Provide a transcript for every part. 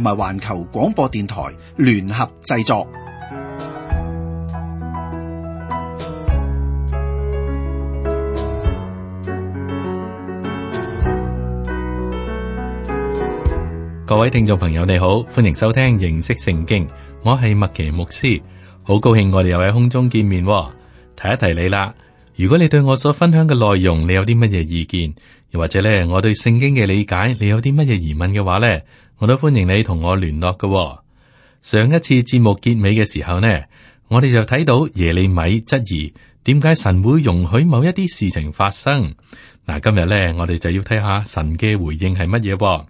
同埋環球廣播電台聯合製作。各位聽眾朋友，你好，歡迎收聽認識聖經。我係麥奇牧師，好高興我哋又喺空中見面。提一提你啦，如果你對我所分享嘅內容你有啲乜嘢意見，又或者咧我對聖經嘅理解你有啲乜嘢疑問嘅話咧？我都歡迎你同我聯絡嘅喎。上一次節目結尾嘅時候呢，我哋就睇到耶利米質疑點解神會容許某一啲事情發生。嗱，今日呢，我哋就要睇下神嘅回應係乜嘢。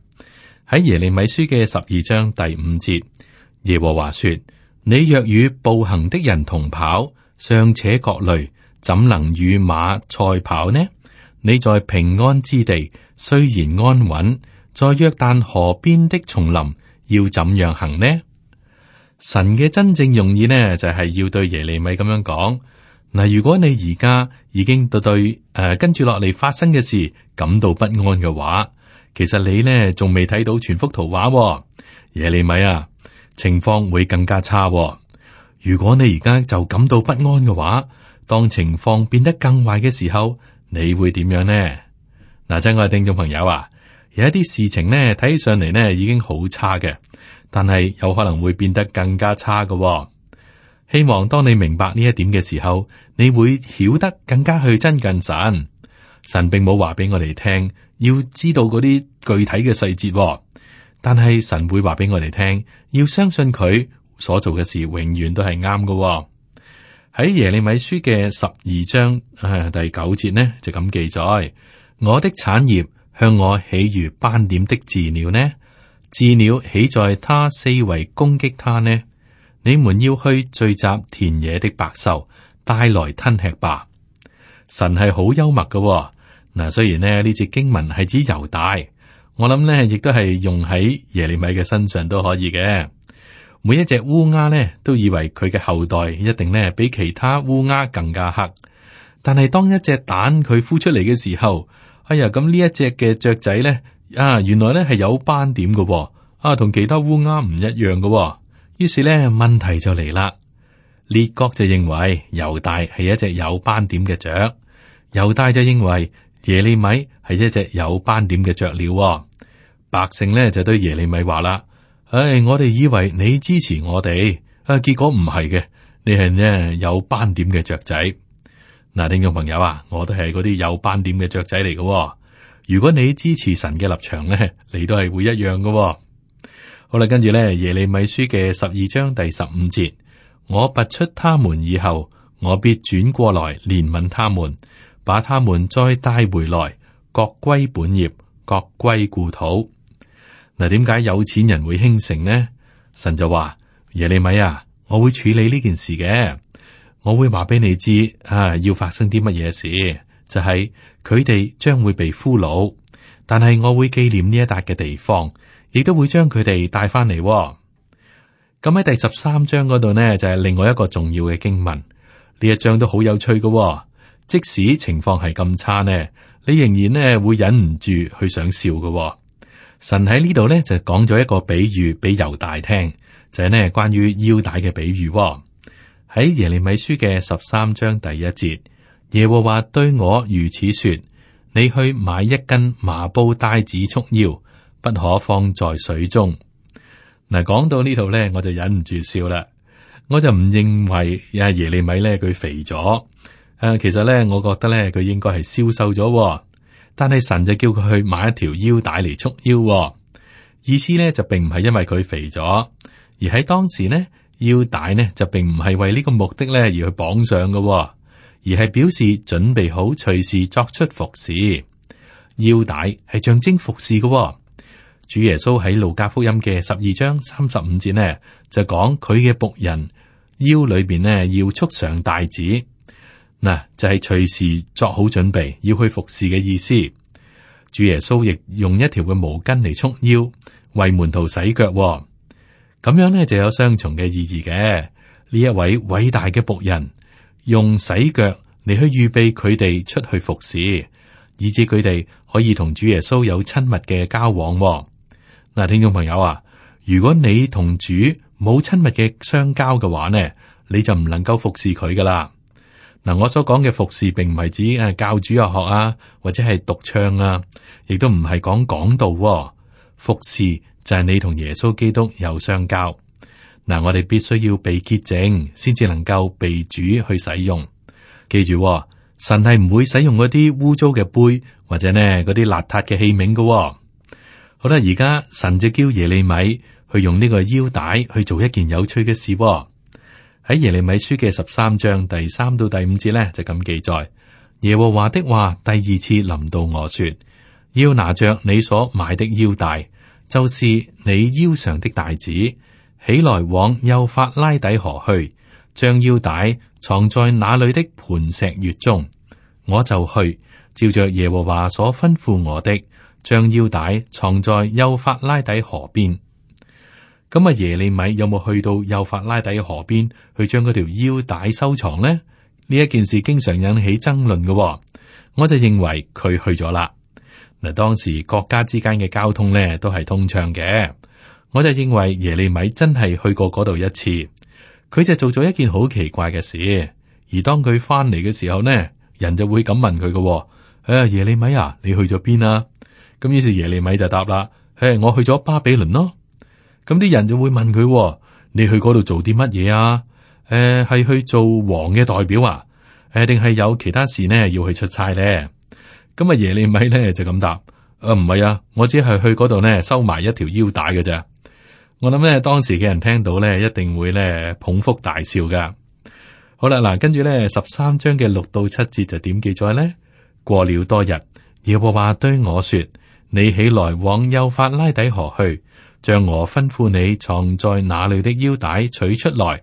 喺耶利米書嘅十二章第五節，耶和華說：你若與步行的人同跑，尚且覺累，怎能與馬賽跑呢？你在平安之地，雖然安穩。在約旦河邊的叢林要怎樣行呢？神嘅真正用意呢就係、是，要對耶利米咁樣講。嗱，如果你而家已經對對誒、呃、跟住落嚟發生嘅事感到不安嘅話，其實你呢仲未睇到全幅圖畫、哦，耶利米啊，情況會更加差、哦。如果你而家就感到不安嘅話，當情況變得更壞嘅時候，你會點樣呢？嗱，真愛聽眾朋友啊！有一啲事情呢睇起上嚟呢已經好差嘅，但係有可能會變得更加差嘅、哦。希望當你明白呢一點嘅時候，你會曉得更加去親近神。神並冇話俾我哋聽，要知道嗰啲具體嘅細節、哦，但係神會話俾我哋聽，要相信佢所做嘅事永遠都係啱嘅。喺耶利米書嘅十二章、啊、第九節呢就咁記載：我的產業。向我豈如斑點的鷙鳥呢？鷙鳥豈在它四圍攻擊它呢？你們要去聚集田野的百獸，帶來吞吃吧。神係好幽默噶、喎，嗱雖然呢呢隻經文係指猶大，我諗呢亦都係用喺耶利米嘅身上都可以嘅。每一隻烏鴉呢都以為佢嘅後代一定呢比其他烏鴉更加黑，但係當一隻蛋佢孵出嚟嘅時候。哎呀，咁呢一隻嘅雀仔咧，啊，原來咧係有斑點嘅、哦，啊，同其他烏鴉唔一樣嘅、哦。於是咧，問題就嚟啦。列國就認為猶大係一隻有斑點嘅雀，猶大就認為耶利米係一隻有斑點嘅雀鳥。百姓咧就對耶利米話啦：唉，我哋以為你支持我哋，啊，結果唔係嘅，你係呢有斑點嘅雀仔。嗱，聽眾朋友啊，我都係嗰啲有斑點嘅雀仔嚟嘅喎。如果你支持神嘅立場咧，你都係會一樣嘅喎。好啦，跟住咧耶利米書嘅十二章第十五節，我拔出他們以後，我必轉過來憐憫他們，把他們再帶回來，各歸本業，各歸故土。嗱，點解有錢人會興盛呢？神就話耶利米啊，我會處理呢件事嘅。我會話俾你知，啊，要發生啲乜嘢事，就係佢哋將會被俘虜，但係我會紀念呢一笪嘅地方，亦都會將佢哋帶翻嚟。咁喺第十三章嗰度呢，就係、是、另外一個重要嘅經文，呢一章都好有趣㗎、哦。即使情況係咁差呢，你仍然呢會忍唔住去想笑㗎、哦。神喺呢度呢就講咗一個比喻俾猶大聽，就係、是、呢關於腰帶嘅比喻、哦。喺耶利米書嘅十三章第一節，耶和華對我如此說：你去買一根麻布帶子束腰，不可放在水中。嗱、啊，講到呢度咧，我就忍唔住笑啦。我就唔認為啊耶利米咧佢肥咗，誒、啊，其實咧我覺得咧佢應該係消瘦咗。但係神就叫佢去買一條腰帶嚟束腰，意思咧就並唔係因為佢肥咗，而喺當時呢。腰帶呢就並唔係為呢個目的呢而去綁上嘅，而係表示準備好隨時作出服侍。腰帶係象徵服侍嘅。主耶穌喺路加福音嘅十二章三十五節呢就講佢嘅僕人腰裏邊呢要束上帶子，嗱就係、是、隨時作好準備要去服侍嘅意思。主耶穌亦用一條嘅毛巾嚟束腰，為門徒洗腳。咁樣咧就有雙重嘅意義嘅。呢一位偉大嘅僕人用洗腳嚟去預備佢哋出去服侍，以致佢哋可以同主耶穌有親密嘅交往，哦。嗱，聽眾朋友啊，如果你同主冇親密嘅相交嘅話呢，你就唔能夠服侍佢噶啦。嗱，我所講嘅服侍並唔係指誒教主啊學啊，或者係獨唱啊，亦都唔係講講道，啊。服侍就係你同耶穌基督有相交，嗱，我哋必須要被潔淨，先至能夠被主去使用。記住喎，神係唔會使用嗰啲污糟嘅杯，或者呢嗰啲邋遢嘅器皿嘅喎。好啦，而家神就叫耶利米去用呢個腰帶去做一件有趣嘅事喎。喺耶利米書嘅十三章第三到第五節咧就咁記載：耶和華的話第二次臨到我說。要拿着你所買的腰帶，就是你腰上的帶子，起來往幼發拉底河去，將腰帶藏在那裏的磐石穴中。我就去照着耶和華所吩咐我的，將腰帶藏在幼發拉底河邊。咁啊，耶利米有冇去到幼發拉底河邊去將嗰條腰帶收藏呢？呢一件事經常引起爭論嘅，哦，我就認為佢去咗啦。嗱，當時國家之間嘅交通咧都係通暢嘅，我就認為耶利米真係去過嗰度一次。佢就做咗一件好奇怪嘅事，而當佢翻嚟嘅時候咧，人就會咁問佢嘅、哦：，誒、啊，耶利米啊，你去咗邊啊？」咁於是耶利米就答啦：，誒、哎，我去咗巴比倫咯。咁啲人就會問佢、哦：，你去嗰度做啲乜嘢啊？誒，係去做王嘅代表啊？誒、啊，定係有其他事呢要去出差咧？咁啊！耶利米咧就咁答：，誒，唔係啊，我只係去嗰度咧收埋一條腰帶嘅咋。我諗咧，當時嘅人聽到咧，一定會咧捧腹大笑噶。好啦，嗱，跟住咧十三章嘅六到七節就點記載咧？過了多日，耶和華對我說：，說你起來往右法拉底河去，將我吩咐你藏在哪裡的腰帶取出來。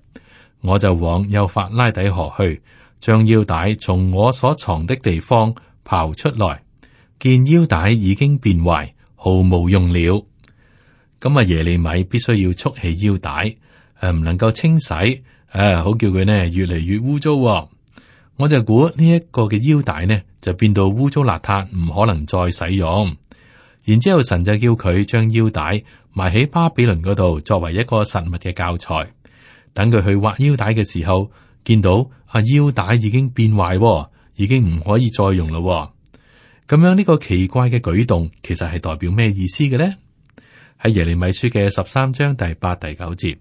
我就往右法拉底河去，將腰帶從我所藏的地方。刨出來，見腰帶已經變壞，毫無用了。咁啊，耶利米必須要束起腰帶，誒、啊、唔能夠清洗，誒、啊、好叫佢呢越嚟越污糟、哦。我就估呢一個嘅腰帶呢就變到污糟邋遢，唔可能再使用。然之後神就叫佢將腰帶埋喺巴比倫嗰度，作為一個實物嘅教材。等佢去挖腰帶嘅時候，見到阿腰帶已經變壞、哦。已經唔可以再用喇喎，咁樣呢個奇怪嘅舉動，其實係代表咩意思嘅呢？喺耶利米書嘅十三章第八、第九節，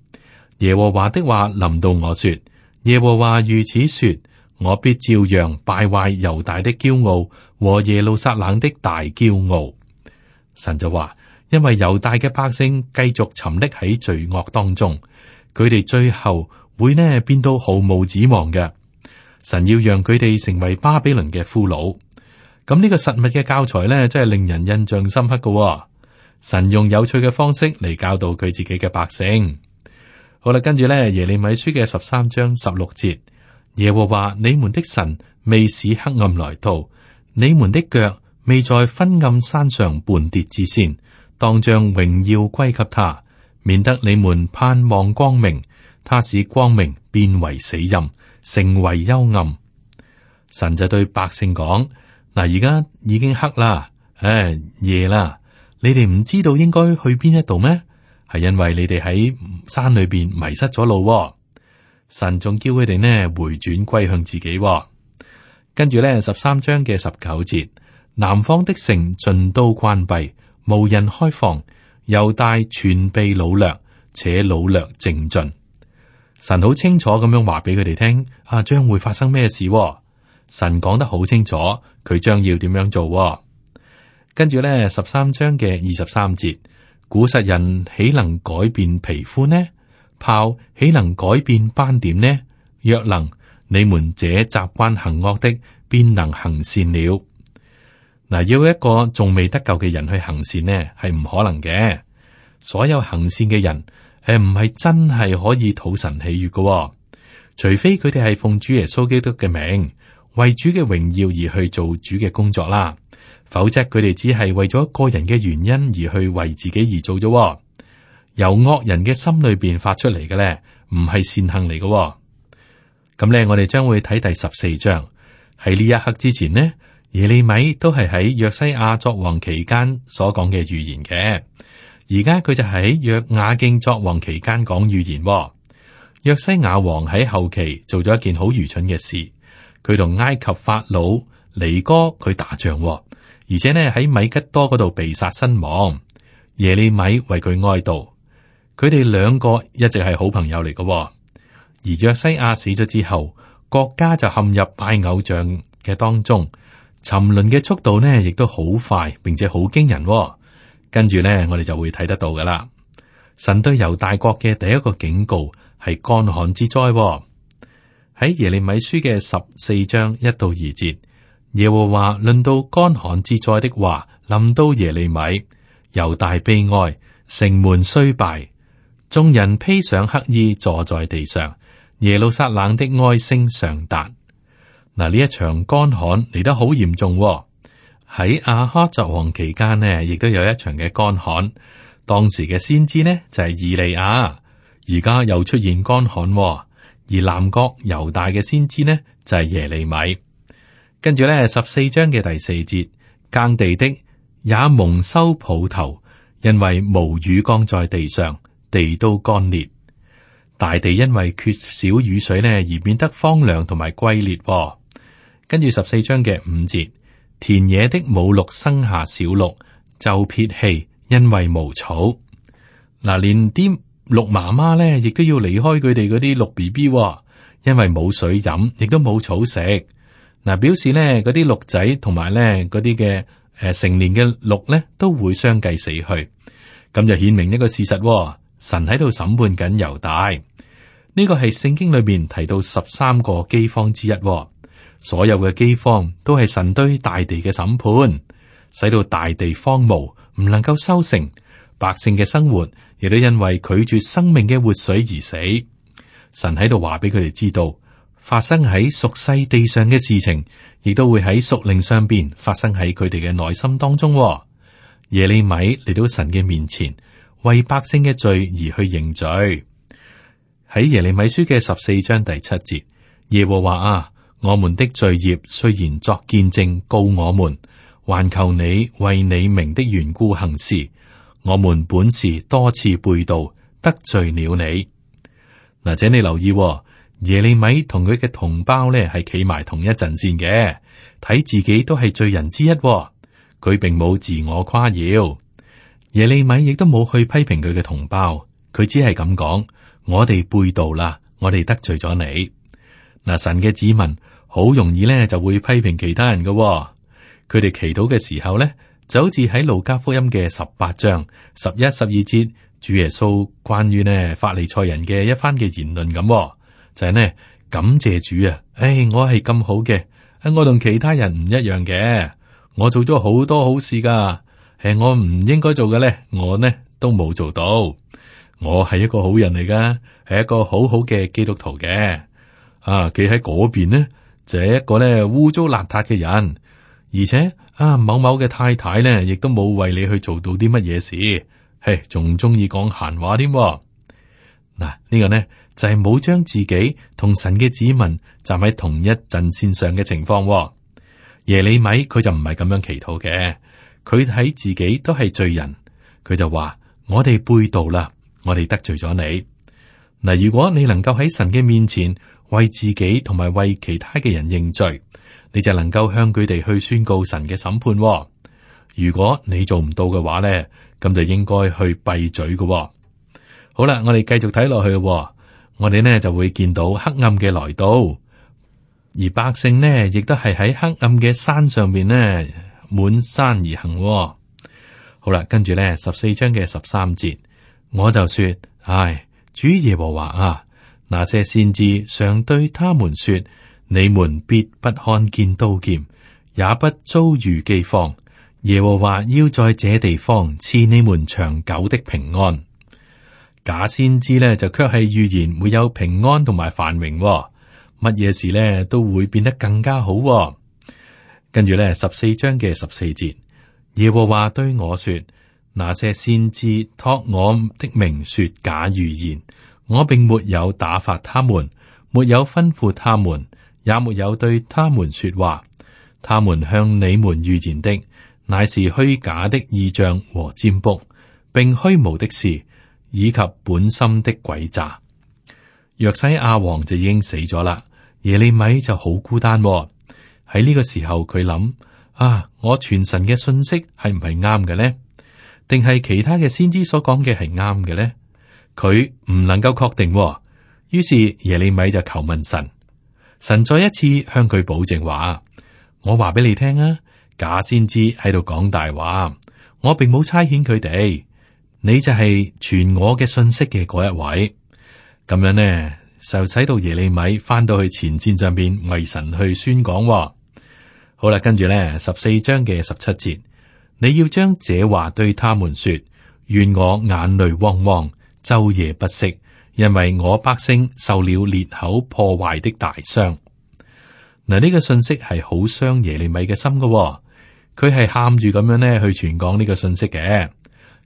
耶和華的話臨到我說：耶和華如此說，我必照樣敗壞猶大的驕傲和耶路撒冷的大驕傲。神就話：因為猶大嘅百姓繼續沉溺喺罪惡當中，佢哋最後會呢變到毫無指望嘅。神要讓佢哋成為巴比倫嘅俘虜，咁呢個實物嘅教材呢，真係令人印象深刻嘅、哦。神用有趣嘅方式嚟教導佢自己嘅百姓。好啦，跟住呢，耶利米書嘅十三章十六節，耶和華你們的神未使黑暗來到，你們的腳未在昏暗山上絆跌之先，當將榮耀歸給他，免得你們盼望光明，他使光明變為死蔭，成為幽暗，神就對百姓講：嗱，而家已經黑啦，誒、哎，夜啦，你哋唔知道應該去邊一度咩？係因為你哋喺山裏邊迷失咗路。神仲叫佢哋呢回轉歸向自己。跟住咧，十三章嘅十九節，南方的城盡都關閉，無人開放，猶大全被擄掠，且擄掠淨盡。神好清楚咁樣話俾佢哋聽，啊將會發生咩事、哦？神講得好清楚，佢將要點樣做、哦？跟住咧，十三章嘅二十三節，古實人豈能改變皮膚呢？豹豈能改變斑點呢？若能，你們這習慣行惡的，便能行善了。嗱，要一個仲未得救嘅人去行善呢，係唔可能嘅。所有行善嘅人。誒，唔係真係可以討神喜悦嘅、哦，除非佢哋係奉主耶穌基督嘅名，為主嘅榮耀而去做主嘅工作啦，否則佢哋只係為咗個人嘅原因而去為自己而做咗、哦，由惡人嘅心裏邊發出嚟嘅咧，唔係善行嚟嘅。咁咧，我哋將會睇第十四章，喺呢一刻之前呢，耶利米都係喺約西亞作王期間所講嘅預言嘅。而家佢就喺約雅敬作王期間講預言、哦。約西亞王喺後期做咗一件好愚蠢嘅事，佢同埃及法老尼哥佢打仗、哦，而且呢喺米吉多嗰度被殺身亡。耶利米為佢哀悼，佢哋兩個一直係好朋友嚟嘅、哦。而約西亞死咗之後，國家就陷入拜偶像嘅當中，沉淪嘅速度呢亦都好快，並且好驚人、哦。跟住呢，我哋就會睇得到噶啦。神對猶大國嘅第一個警告係乾旱之災、喎，喺耶利米書嘅十四章一到二節，耶和華論到乾旱之災的話，臨到耶利米，猶大悲哀，城門衰敗，眾人披上黑衣坐在地上，耶路撒冷的哀聲上達。嗱，呢一場乾旱嚟得好嚴重、喎。喺亞哈作王期間呢，亦都有一場嘅乾旱。當時嘅先知呢就係、是、以利亞，而家又出現乾旱、哦。而南國猶大嘅先知呢就係、是、耶利米。跟住咧十四章嘅第四節，耕地的也蒙羞抱頭，因為無雨降在地上，地都乾裂。大地因為缺少雨水呢，而變得荒涼同埋龜裂、哦。跟住十四章嘅五節。田野的母鹿生下小鹿，就撇棄，因為無草。嗱，連啲鹿媽媽咧，亦都要離開佢哋嗰啲鹿 B B，因為冇水飲，亦都冇草食。嗱，表示呢嗰啲鹿仔同埋咧嗰啲嘅誒成年嘅鹿咧，都會相繼死去。咁就顯明一個事實，神喺度審判緊猶大。呢個係聖經裏面提到十三個饑荒，之一。所有嘅飢荒都係神對大地嘅審判，使到大地荒蕪，唔能夠收成，百姓嘅生活亦都因為拒絕生命嘅活水而死。神喺度話俾佢哋知道，發生喺屬世地上嘅事情，亦都會喺屬靈上邊發生喺佢哋嘅內心當中。耶利米嚟到神嘅面前，為百姓嘅罪而去認罪。喺耶利米書嘅十四章第七節，耶和華啊！我們的罪孽雖然作見證告我們，還求你為你名的緣故行事。我們本是多次背道得罪了你。嗱，請你留意、哦、耶利米同佢嘅同胞咧係企埋同一陣線嘅，睇自己都係罪人之一、哦。佢並冇自我誇耀，耶利米亦都冇去批評佢嘅同胞，佢只係咁講：我哋背道啦，我哋得罪咗你。嗱，神嘅子民。好容易咧，就會批評其他人嘅、哦。佢哋祈禱嘅時候咧，就好似喺路加福音嘅十八章十一、十二節，主耶穌關於呢法利賽人嘅一番嘅言論咁、哦，就係、是、呢：「感謝主啊！誒、哎，我係咁好嘅，誒，我同其他人唔一樣嘅，我做咗好多好事噶，係我唔應該做嘅咧，我呢都冇做到。我係一個好人嚟噶，係一個好好嘅基督徒嘅啊。佢喺嗰邊呢。這一個咧污糟邋遢嘅人，而且啊某某嘅太太咧，亦都冇為你去做到啲乜嘢事，嘿，仲中意講閒話添。嗱，呢個呢就係冇將自己同神嘅子民站喺同一陣線上嘅情況。耶利米佢就唔係咁樣祈禱嘅，佢睇自己都係罪人，佢就話：我哋背道啦，我哋得罪咗你。嗱，如果你能夠喺神嘅面前。為自己同埋為其他嘅人認罪，你就能夠向佢哋去宣告神嘅審判，哦。如果你做唔到嘅話咧，咁就應該去閉嘴嘅，哦。好啦，我哋繼續睇落去，哦，我哋呢就會見到黑暗嘅來到，而百姓呢亦都係喺黑暗嘅山上邊呢滿山而行，哦。好啦，跟住咧，十四章嘅十三節，我就說，唉，主耶和華啊！那些先知常對他們說：你們必不看見刀劍，也不遭遇饑荒。耶和華要在這地方賜你們長久的平安。假先知呢，就卻係預言會有平安同埋繁榮，哦，乜嘢事呢，都會變得更加好，哦。跟住咧，十四章嘅十四節，耶和華對我說：那些先知託我的名說假預言。我並沒有打發他們，沒有吩咐他們，也沒有對他們說話。他們向你們預言的乃是虛假的異象和占卜，並虛無的事，以及本心的詭詐。約西亞王就已經死咗啦，耶利米就好孤單喎、啊。喺呢個時候佢諗：啊，我全神嘅信息係唔係啱嘅呢？定係其他嘅先知所講嘅係啱嘅呢？」佢唔能夠確定、哦，於是耶利米就求問神。神再一次向佢保證話：我話俾你聽啊，假先知喺度講大話，我並冇差遣佢哋。你就係傳我嘅信息嘅嗰一位。咁樣呢，就使到耶利米翻到去前線上邊為神去宣講、哦。好啦，跟住呢十四章嘅十七節，你要將這話對他們說，願我眼淚汪汪。晝夜不息，因為我百姓受了裂口破壞的大傷。嗱，呢個信息係好傷耶利米嘅心㗎、哦。佢係喊住咁樣咧去傳講呢個信息嘅。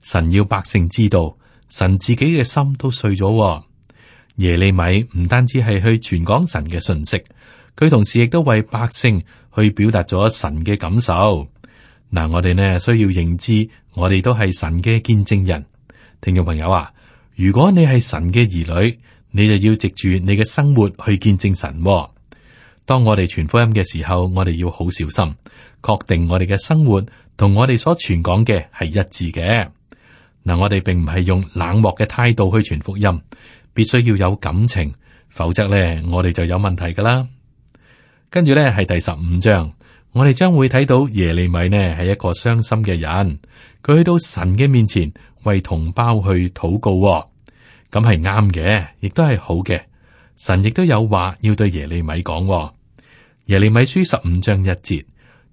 神要百姓知道，神自己嘅心都碎咗、哦。耶利米唔單止係去傳講神嘅信息，佢同時亦都為百姓去表達咗神嘅感受。嗱、嗯，我哋呢需要認知，我哋都係神嘅見證人。聽眾朋友啊！如果你係神嘅兒女，你就要藉住你嘅生活去見證神啊。當我哋傳福音嘅時候，我哋要好小心，確定我哋嘅生活同我哋所傳講嘅係一致嘅。嗱，我哋並唔係用冷漠嘅態度去傳福音，必須要有感情，否則咧我哋就有問題噶啦。跟住咧係第十五章，我哋將會睇到耶利米呢係一個傷心嘅人，佢去到神嘅面前。為同胞去禱告、哦，咁係啱嘅，亦都係好嘅。神亦都有話要對耶利米講、哦。耶利米書十五章一節，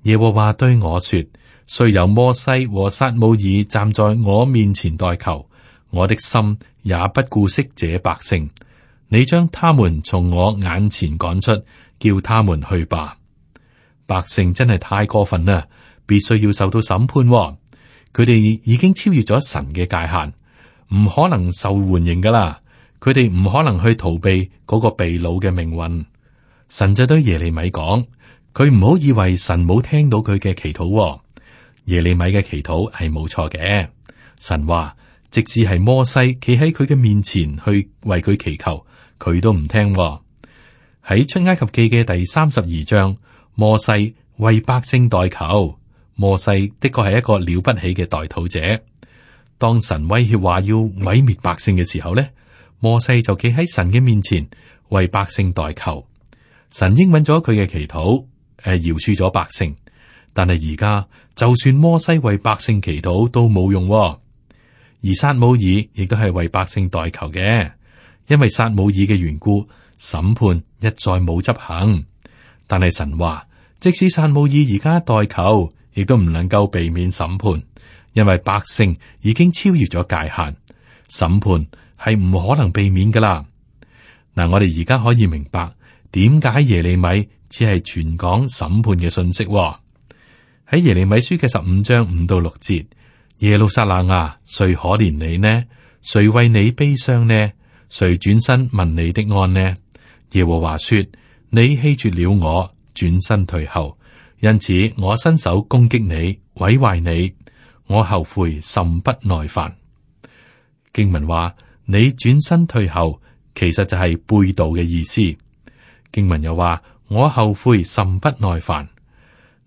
耶和華對我說：雖有摩西和撒母耳站在我面前代求，我的心也不顧惜這百姓。你將他們從我眼前趕出，叫他們去吧。百姓真係太過分啦，必須要受到審判、哦。佢哋已經超越咗神嘅界限，唔可能受歡迎㗎喇。佢哋唔可能去逃避嗰個被擄嘅命運。神就對耶利米講：佢唔好以為神冇聽到佢嘅祈禱。耶利米嘅祈禱係冇錯嘅。神話直至係摩西企喺佢嘅面前去為佢祈求，佢都唔聽。喺出埃及記嘅第三十二章，摩西為百姓代求。摩西的確係一個了不起嘅代禱者。當神威脅話要毀滅百姓嘅時候咧，摩西就企喺神嘅面前為百姓代求。神應允咗佢嘅祈禱，誒饒恕咗百姓。但係而家就算摩西為百姓祈禱都冇用，哦，而撒母耳亦都係為百姓代求嘅，因為撒母耳嘅緣故，審判一再冇執行。但係神話，即使撒母耳而家代求。亦都唔能夠避免審判，因為百姓已經超越咗界限，審判係唔可能避免噶啦。嗱，我哋而家可以明白點解耶利米只係傳講審判嘅信息。喺耶利米書嘅十五章五到六節，耶路撒冷啊，誰可憐你呢？誰為你悲傷呢？誰轉身問你的安呢？耶和華說：你棄絕了我，轉身退後。因此，我伸手攻擊你，毀壞你。我後悔甚不耐煩。經文話：你轉身退後，其實就係背道嘅意思。經文又話：我後悔甚不耐煩。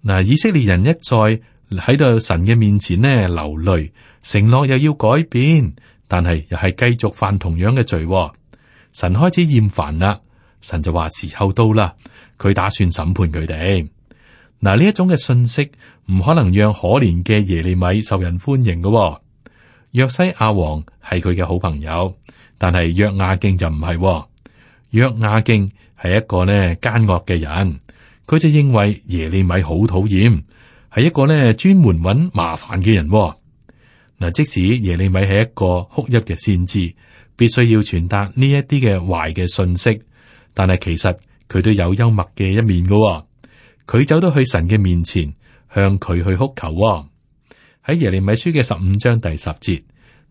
嗱，以色列人一再喺度神嘅面前呢，流淚，承諾又要改變，但係又係繼續犯同樣嘅罪。神開始厭煩啦，神就話：時候到啦，佢打算審判佢哋。嗱，呢一種嘅信息，唔可能讓可憐嘅耶利米受人歡迎嘅，哦。約西亞王係佢嘅好朋友，但係約亞敬就唔係，哦。約亞敬係一個呢奸惡嘅人，佢就認為耶利米好討厭，係一個呢專門揾麻煩嘅人，哦。嗱，即使耶利米係一個哭泣嘅先知，必須要傳達呢一啲嘅壞嘅信息，但係其實佢都有幽默嘅一面嘅，哦。佢走到去神嘅面前，向佢去哭求喺、哦、耶利米書嘅十五章第十節。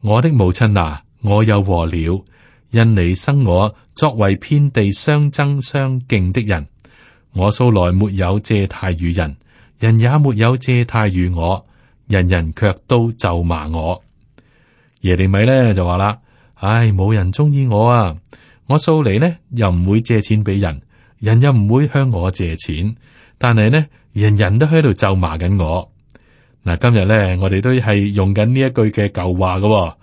我的母親啊，我有禍了，因你生我作為遍地相爭相競的人，我素來沒有借貸與人，人也沒有借貸與我，人人卻都咒罵我。耶利米呢就話啦，唉，冇人鍾意我啊，我素嚟呢，又唔會借錢俾人，人又唔會向我借錢。但係呢，人人都喺度咒罵緊我。嗱，今日呢，我哋都係用緊呢一句嘅舊話嘅喎。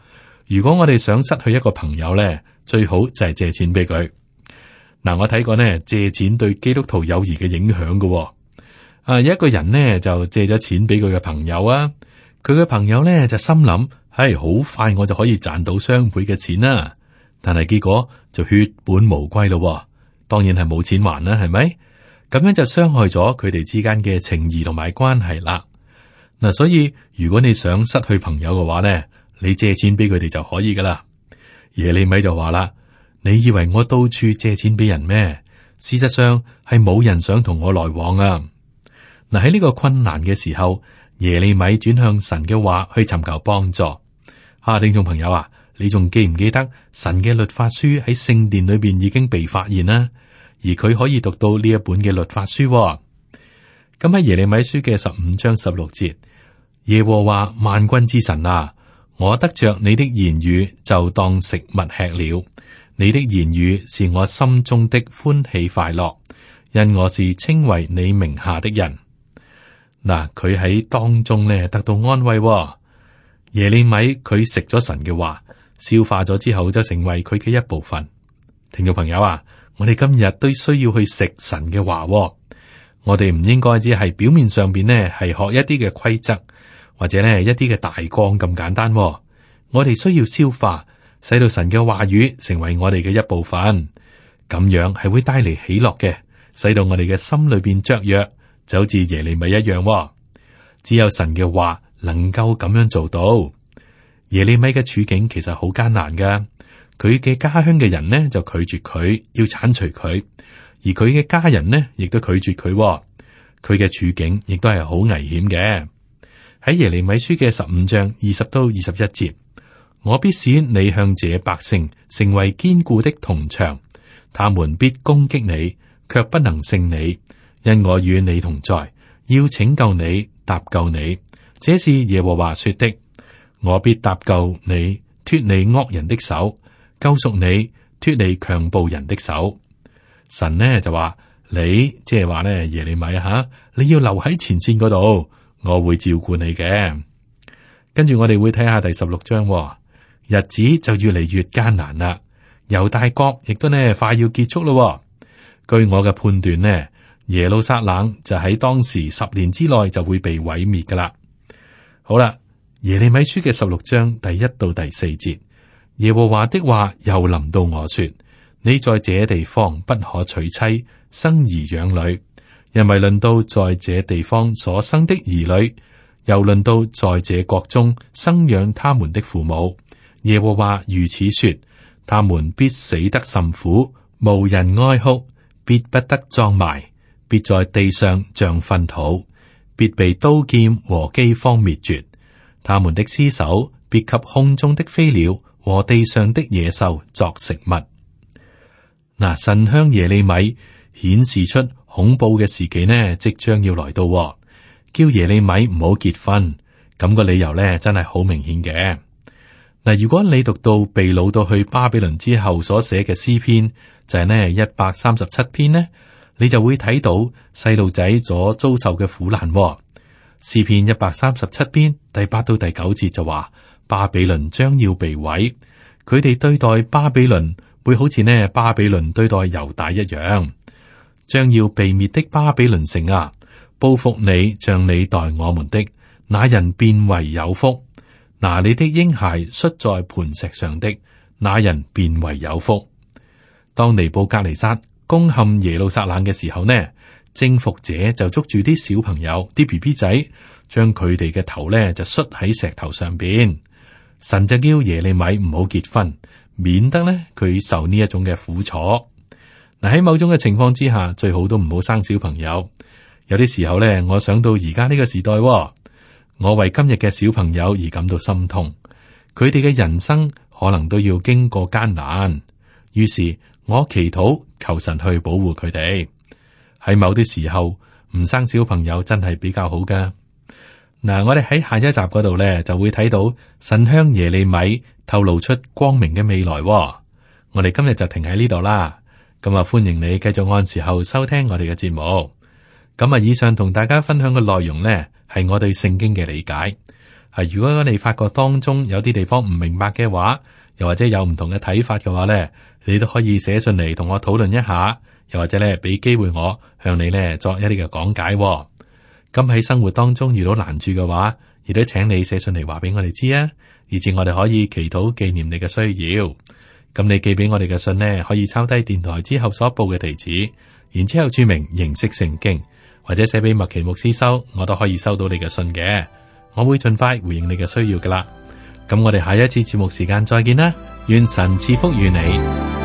如果我哋想失去一個朋友呢，最好就係借錢俾佢。嗱，我睇過呢借錢對基督徒友誼嘅影響嘅喎。啊，有一個人呢就借咗錢俾佢嘅朋友啊，佢嘅朋友呢就心諗，係，哎，好快我就可以賺到雙倍嘅錢啦，啊。但係結果就血本無歸咯喎，當然係冇錢還啦，係咪？咁樣就傷害咗佢哋之間嘅情誼同埋關係啦。嗱，所以如果你想失去朋友嘅話咧，你借錢俾佢哋就可以噶啦。耶利米就話啦：你以為我到處借錢俾人咩？事實上係冇人想同我來往啊。嗱，喺呢個困難嘅時候，耶利米轉向神嘅話去尋求幫助。啊，聽眾朋友啊，你仲記唔記得神嘅律法書喺聖殿裏邊已經被發現啦？而佢可以讀到呢一本嘅律法書、哦，咁喺耶利米書嘅十五章十六節，耶和華萬軍之神啊，我得着你的言語就當食物吃了，你的言語是我心中的歡喜快樂，因我是稱為你名下的人。嗱，佢喺當中呢得到安慰、哦，耶利米佢食咗神嘅話，消化咗之後就成為佢嘅一部分。聽眾朋友啊！我哋今日都需要去食神嘅話、哦，我哋唔應該只係表面上邊咧係學一啲嘅規則，或者咧一啲嘅大綱咁簡單、哦。我哋需要消化，使到神嘅話語成為我哋嘅一部分，咁樣係會帶嚟喜樂嘅，使到我哋嘅心裏邊雀躍，就好似耶利米一樣、哦。只有神嘅話能夠咁樣做到。耶利米嘅處境其實好艱難噶。佢嘅家鄉嘅人呢就拒絕佢，要鏟除佢；而佢嘅家人呢亦都拒絕佢、哦。佢嘅處境亦都係好危險嘅。喺耶利米書嘅十五章二十到二十一節，我必使你向這百姓成為堅固的同牆，他們必攻擊你，卻不能勝你，因我與你同在，要拯救你，搭救你。這是耶和華說的。我必搭救你，脫你惡人的手。救贖你脱離強暴人的手。神呢就話你，即係話呢，耶利米吓，啊，你要留喺前綫嗰度，我會照顧你嘅。跟住我哋會睇下第十六章，日子就越嚟越艱難啦。猶大國亦都呢快要結束咯。據我嘅判斷呢，耶路撒冷就喺當時十年之內就會被毀滅噶啦。好啦，耶利米書嘅十六章第一到第四節。耶和華的話又臨到我說：你在這地方不可娶妻生兒養女，因為論到在這地方所生的兒女，又論到在這國中生養他們的父母。耶和華如此說：他們必死得甚苦，無人哀哭，必不得葬埋，必在地上像糞土，必被刀劍和饑荒滅絕。他們的屍首必給空中的飛鳥。和地上的野獸作食物。嗱，神向耶利米顯示出恐怖嘅時期呢，即將要來到。叫耶利米唔好結婚，咁個理由呢，真係好明顯嘅。嗱，如果你讀到被擄到去巴比倫之後所寫嘅詩篇，就係呢一百三十七篇呢，你就會睇到細路仔所遭受嘅苦難。詩篇一百三十七篇第八到第九節就話。巴比倫將要被毀，佢哋對待巴比倫會好似呢巴比倫對待猶大一樣。將要被滅的巴比倫城啊，報復你像你待我們的那人變為有福。拿你的嬰孩摔在磐石上的那人變為有福。當尼布甲尼撒攻陷耶路撒冷嘅時候呢，征服者就捉住啲小朋友啲 B B 仔，將佢哋嘅頭呢就摔喺石頭上邊。神就叫耶利米唔好結婚，免得咧佢受呢一種嘅苦楚。嗱，喺某種嘅情況之下，最好都唔好生小朋友。有啲時候咧，我想到而家呢個時代，我為今日嘅小朋友而感到心痛。佢哋嘅人生可能都要經過艱難，於是我祈禱求，求神去保護佢哋。喺某啲時候，唔生小朋友真係比較好噶。嗱，我哋喺下一集嗰度咧，就會睇到神香耶利米透露出光明嘅未來哦。我哋今日就停喺呢度啦。咁啊，歡迎你繼續按時候收聽我哋嘅節目。咁啊，以上同大家分享嘅內容咧，係我對聖經嘅理解。啊，如果你發覺當中有啲地方唔明白嘅話，又或者有唔同嘅睇法嘅話咧，你都可以寫信嚟同我討論一下，又或者咧俾機會我向你咧作一啲嘅講解。咁喺生活當中遇到難處嘅話，亦都請你寫信嚟話俾我哋知啊，以至我哋可以祈禱紀念你嘅需要。咁你寄俾我哋嘅信呢，可以抄低電台之後所報嘅地址，然之後注明認識聖經，或者寫俾麥奇牧師收，我都可以收到你嘅信嘅。我會盡快回應你嘅需要噶啦。咁我哋下一次節目時間再見啦，願神賜福與你。